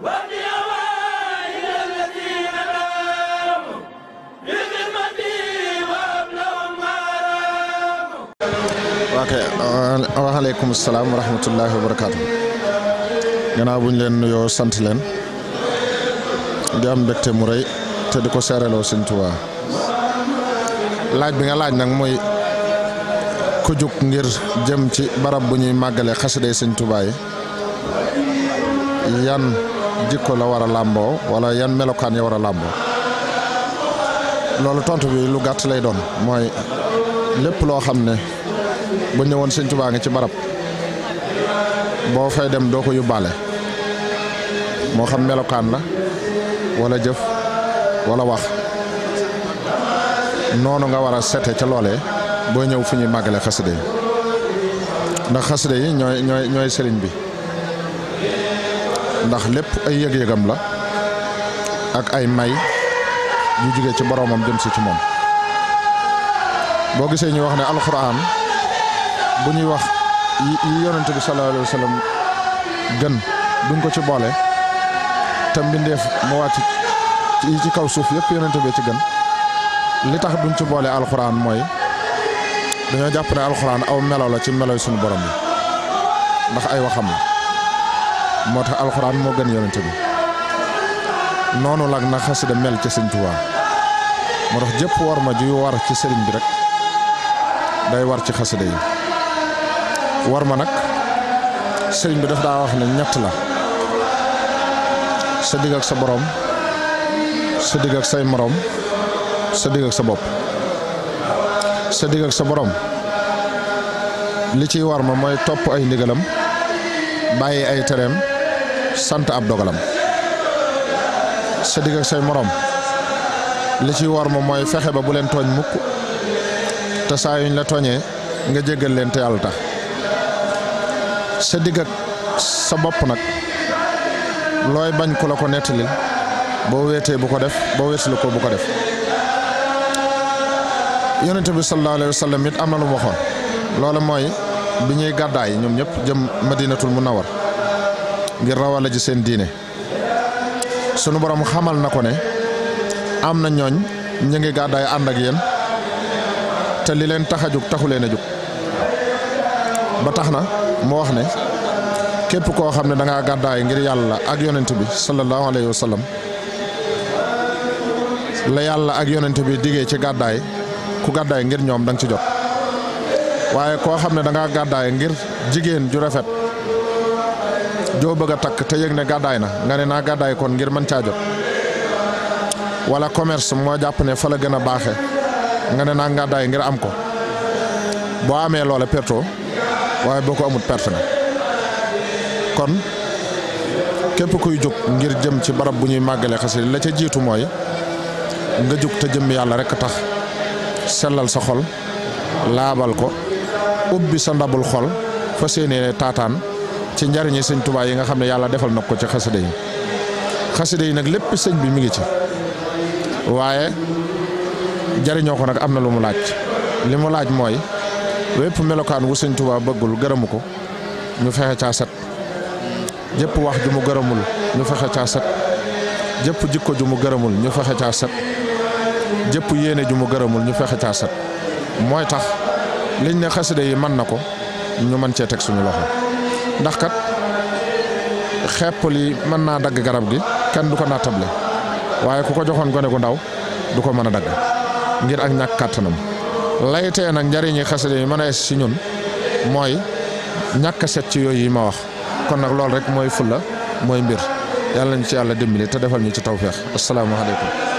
ok uh, waaleykum salaam wa rahmatullahi wa barakaatu gannaaw bu leen nuyoo sant leen di am mbégte mu rëy te di ko seereloo sëñ Tuubaa laaj bi nga laaj nag mooy ku jug ngir jëm ci barab bu ñuy màggale xasida sëñ Tuubaa yi yan jikko la war a làmboo wala yan melokaan ya war a làmboo loolu tontu bi lu gàtt lay doon mooy lépp loo xam ne bu ñëwoon Sëñ ngi ci barab boo fay dem doo ko yubbaale moo xam melokaan la wala jëf wala wax noonu nga war a sete ca loolee boo ñëw fu ñuy màggale xasida yi ndax xasida yi ñooy ñooy sëriñ bi ndax lepp ay yeg yegam la ak ay may yu jige ci boromam jëm si ci mom bo gisee ñu wax ne alquran bu ñuy wax yi yonente bi sallallahu alayhi wasallam sallam gën duñ ko ci bolé tam mbindeef mu wàcc yi ci kaw suuf yépp yonente bi ci gën li tax duñ ci bolé alquran moy dañu japp ne alquran aw melaw la ci meloy suñu borom bi ndax ay waxam la moo tax alxuraan moo gën yonent bi noonu lag na xasida mel ci sëñ moo tax jëpp war ma juy war ci sëriñ bi rek day war ci xasida yi war ma nag sëriñ bi daf daa wax ne ñett la sa digg ak sa boroom sa digg ak say moroom sa digg ak sa bopp sa digg ak sa boroom li ciy war ma mooy topp ay ndigalam bàyyi ay tereem sant ab dogalam sa digg ak say moroom li ci war ma mooy fexe ba bu leen tooñ mukk te saa yuñ la tooñee nga jéggal leen te yàlla tax sa digg ak sa bopp nag looy bañ ku la ko nettalil boo weetee bu ko def boo weetali ko bu ko def yonent bi sallallahu alayhi wa sallam it am na lu mu waxoon loolu mooy bi ñuy gàddaay ñoom ñëpp jëm madinatul munawwar ngir rawale ji seen diine sunu borom xamal na ko ne am na ñooñ ñu ngi gàddaay ànd ak yéen te li leen tax a jug taxu leen a jug ba tax na mu wax ne képp koo xam ne danga ngaa gàddaay ngir yàlla ak yonent bi sallallahu alayhi wa la yàlla ak yonent bi diggee ci gàddaay ku gàddaay ngir ñoom da ci jot waaye koo xam ne da gàddaay ngir jigéen ju rafet. joo bëgg a takk te yëg ne gàddaay na nga ne naa gàddaay kon ngir mën caa jot wala commerce moo jàpp ne fa la gën a baaxe nga ne naa gàddaay ngir am ko boo amee loola perto waaye boo ko amut perte na kon képp kuy jóg ngir jëm ci barab bu ñuy màggale xasida la ca jiitu mooy nga jóg te jëm yàlla rek tax sellal sa xol laabal ko ubbi sa ndabul xol fa séenee taataan ci njariñi sëñ Tuubaa yi nga xam ne yàlla defal na ko ci xasida yi xasida yi nag lépp sëñ bi mi ngi ci waaye jariñoo ko nag am na lu mu laaj li mu laaj mooy wépp melokaan wu sëñ Tuubaa bëggul gërëmu ko ñu fexe caa set jëpp wax ju mu gërëmul ñu fexe caa set jëpp jikko ju mu gërëmul ñu fexe caa set jëpp yéene ju mu gërëmul ñu fexe caa set mooy tax liñ ne xasida yi mën na ko ñu mën cee teg suñu loxo ndax kat xepp yi mën naa dagg garab gi kenn du ko naatable waaye ku ko joxoon gone gu ndaw du ko mën a dagg ngir ak ñàkk kàttanam lay tee nag njariñi xasida yi mën a si ñun mooy ñàkk set ci yooyu yi ma wax kon nag loolu rek mooy fulla mooy mbir yàlla nañ ci yàlla dimbali te defal ñu ci tawféex asalaamaaleykum